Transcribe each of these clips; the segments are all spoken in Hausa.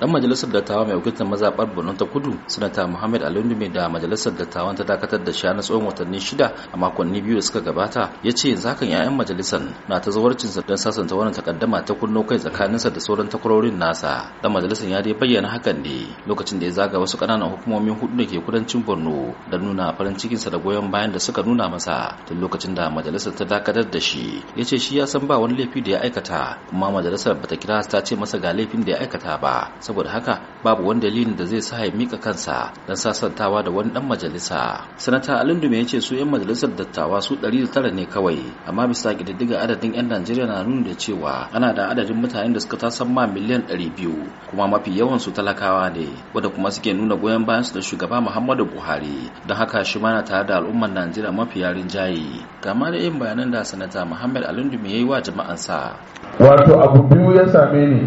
dan majalisar dattawa mai wakiltar mazabar Borno ta Kudu sanata Muhammad Alundume da majalisar dattawan ta dakatar da shi na tsawon watanni shida a makonni biyu da suka gabata ya ce yanzu hakan 'ya'yan majalisar na ta sa don sasanta wannan takaddama ta kunno kai tsakaninsa da sauran takwarorin nasa dan majalisar ya dai bayyana hakan ne lokacin da ya zaga wasu ƙananan hukumomin hudu da ke kudancin Borno da nuna farin cikinsa da goyon bayan da suka nuna masa tun lokacin da majalisar ta dakatar da shi ya ce shi ya san ba wani laifi da ya aikata kuma majalisar bata kira ta ce masa ga laifin da ya aikata ba saboda haka babu wani dalilin da zai sa ya mika kansa don sasantawa da wani dan majalisa sanata alindume ya ce su yan majalisar dattawa su 109 ne kawai amma bisa kididdiga adadin yan najeriya na nuna da cewa ana da adadin mutanen da suka tasan ma miliyan 200 kuma mafi yawan su talakawa ne wanda kuma suke nuna goyon bayan su da shugaba muhammadu buhari don haka shi ma na tare da al'ummar najeriya mafi yarin jayi kama da yin bayanan da sanata muhammad alindume ya yi wa jama'ansa wato abu biyu ya same ni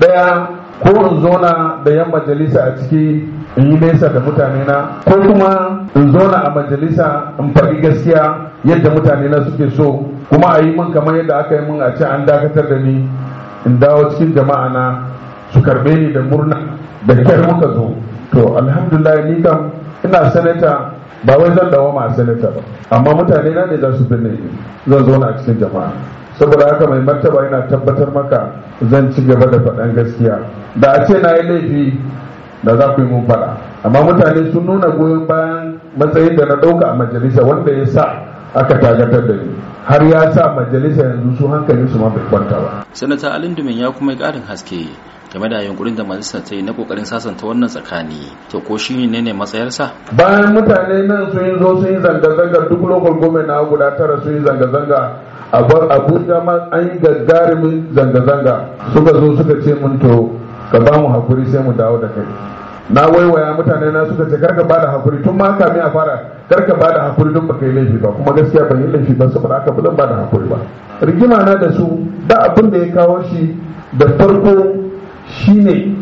daya ko in zauna da yan majalisa a ciki in yi nesa da mutane na ko kuma in zauna a majalisa in faɗi gaskiya yadda mutane na suke so kuma a yi min kamar yadda aka yi min a ce an dakatar da ni in dawo cikin jama'a na su karbe ni da murna da kyar muka zo to alhamdulillah ni kam ina sanata ba wai zan dawo ma senator ba amma mutane na ne za su binne zan zo na cikin jama'a saboda haka mai martaba yana tabbatar maka zan ci gaba da faɗan gaskiya da a ce na yi laifi da za ku yi mun faɗa amma mutane sun nuna goyon bayan matsayin da na ɗauka a majalisa wanda ya sa aka tagatar da ni har ya sa majalisa yanzu su hankali su ma bai kwanta ba sanata alindumin ya kuma yi karin haske game da yunkurin da majalisar ta yi na kokarin sasanta wannan tsakani to ko shi ne ne matsayarsa bayan mutane nan sun yi zo sun yi zanga-zanga duk lokacin government na guda tara sun yi zanga-zanga a bar abuja ma an yi gagarumin zanga-zanga suka zo suka ce mun to ka ba mu hakuri sai mu dawo da kai na waiwaya mutane na suka ce karka ba da hakuri tun ma kami a fara karka ba da hakuri don baka yi laifi ba kuma gaskiya ban yi laifi ba saboda aka ba da hakuri ba rigima na da su da abin da ya kawo shi da farko shine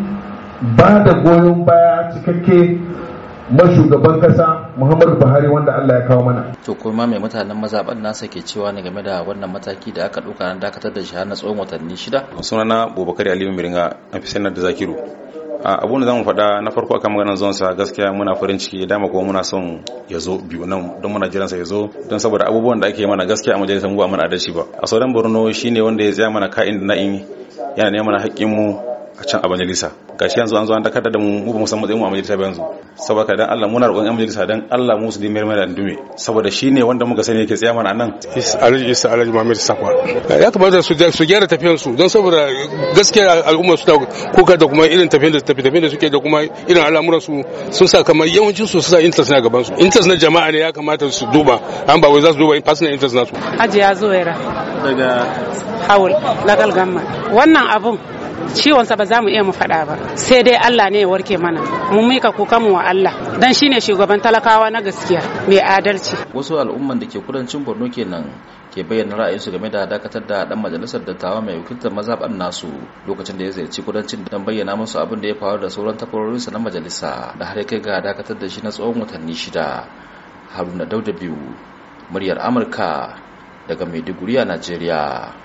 ba da goyon baya cikakke mashugaban kasa Muhammadu Buhari wanda Allah ya kawo mana. To kuma mai mutanen mazaɓar nasa ke cewa ne game da wannan mataki da aka ɗauka na dakatar da shi har na tsawon watanni shida? Sunana bobakari Aliyu Miringa, a fi sanar da Zakiru. abun da zamu faɗa na farko akan maganar zuwan sa gaskiya muna farin ciki dama kuma muna son ya zo biyu nan don muna jiran sa ya zo don saboda abubuwan da ake mana gaskiya a majalisar mu ba mana adalci ba a sauran Borno shine wanda ya tsaya mana ka'in da na'in yana neman haƙƙin mu a can a majalisa gashi yanzu an zo an dakatar da mu mu ba mu san matsayin mu a majalisa ba yanzu saboda dan Allah muna roƙon yan majalisa dan Allah mu su dimar mana dume saboda shine wanda muka sani yake tsaya mana nan Alhaji Isa Alhaji Muhammad Sakwa ya kamata su su gyara tafiyan su don saboda gaskiya al'umma su kuka da kuma irin tafiyan da tafi tafiyan da suke da kuma irin al'amuran su sun sa kamar yawancin su sa interest na gaban su interest na jama'a ne ya kamata su duba an ba wai za su duba personal interest na su ya zo yara daga Hawul Lagal Gamma wannan abun ciwonsa ba za mu iya mu faɗa ba sai dai Allah ne ya warke mana mu mika kuka mu wa Allah dan shine shugaban talakawa na gaskiya mai adalci wasu al'umman da ke kudancin Borno kenan ke bayyana ra'ayinsu game da dakatar da dan majalisar dattawa mai wakiltar mazaɓar nasu lokacin da ya ziyarci kudancin don bayyana musu abin da ya faru da sauran takwarorinsa na majalisa da har kai ga dakatar da shi na tsawon watanni shida haruna dauda biyu muryar amurka daga maiduguri a najeriya